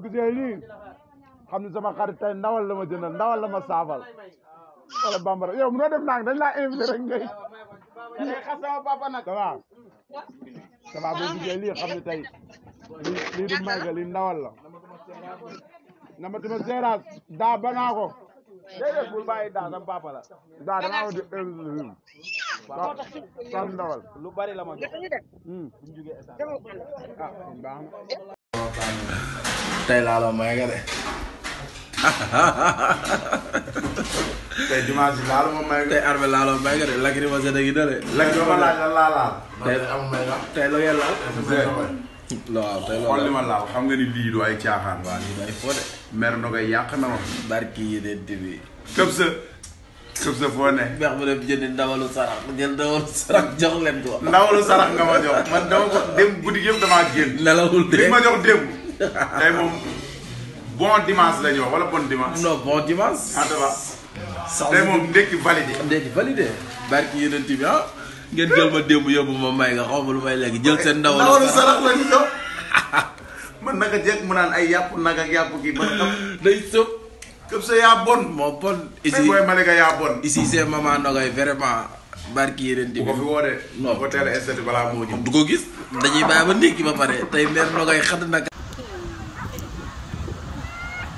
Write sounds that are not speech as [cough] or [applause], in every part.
Ouguseyn ya xam ne sama xarit tey ndawal la ma jëndal ndawal la ma saafal wala bambara ya, yow mënoo def nang dañ laa invité rek ngay xas sama papa nag waaw ça va boo gisee lii xam ne tey lii lii du màggal lii ndawal la namatuma seeraas daa banaa ko déedéet bul bàyyi daa sama papa la daa damaa ko di invité waaw kon ndawal lu bari la ma jox hmm. buñ jugee état ah baax tey laa la [laughs] may nga de tey dimanche laa la ma may nga. tey armé laa la ma may nga de lakk di ma sën a ngi dale. lakk di ma laaj la laa laal. tey am may nga tey la ngeen laal. waaw tey loolu li ma laaw xam nga ni lii du ay caaxaan. waaw lii du ay fo de. mer na koy yàq na ma. barki yi de dibi. këb sa këb sa foo ne. beex mu dem jëndi ndawalu sarax jël ndawalu sarax jox leen ko. ndawalu sarax nga ma jox man dama ko dem guddi yëpp damaa génn. nelawul de li ma jox démb. tey moom bon dimanche la ñu wax wala bon dimanche. non bon dimanche. en tout cas. sànq tey moom ndekki validé. ndekki validé. barki yeneen bi ah. ngeen jël ma démb yóbbu ma may xaw ma lu may léegi jël seen ndaw. man naka jekk mu naan ay yàpp nag ak yàpp gi man tam. [laughs] day sëb. këpp sa yaa bon. moo bon bon. a du ko gis. dañuy bàyyi ba ndékki ba pare tey mère Nogay xat na.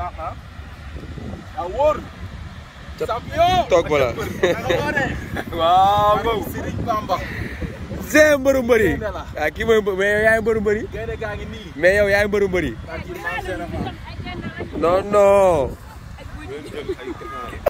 baax ah. daa wóor. champion toog balaa. [laughs] waaw moom Serigne Bamba. Zé ah, mais yow yaay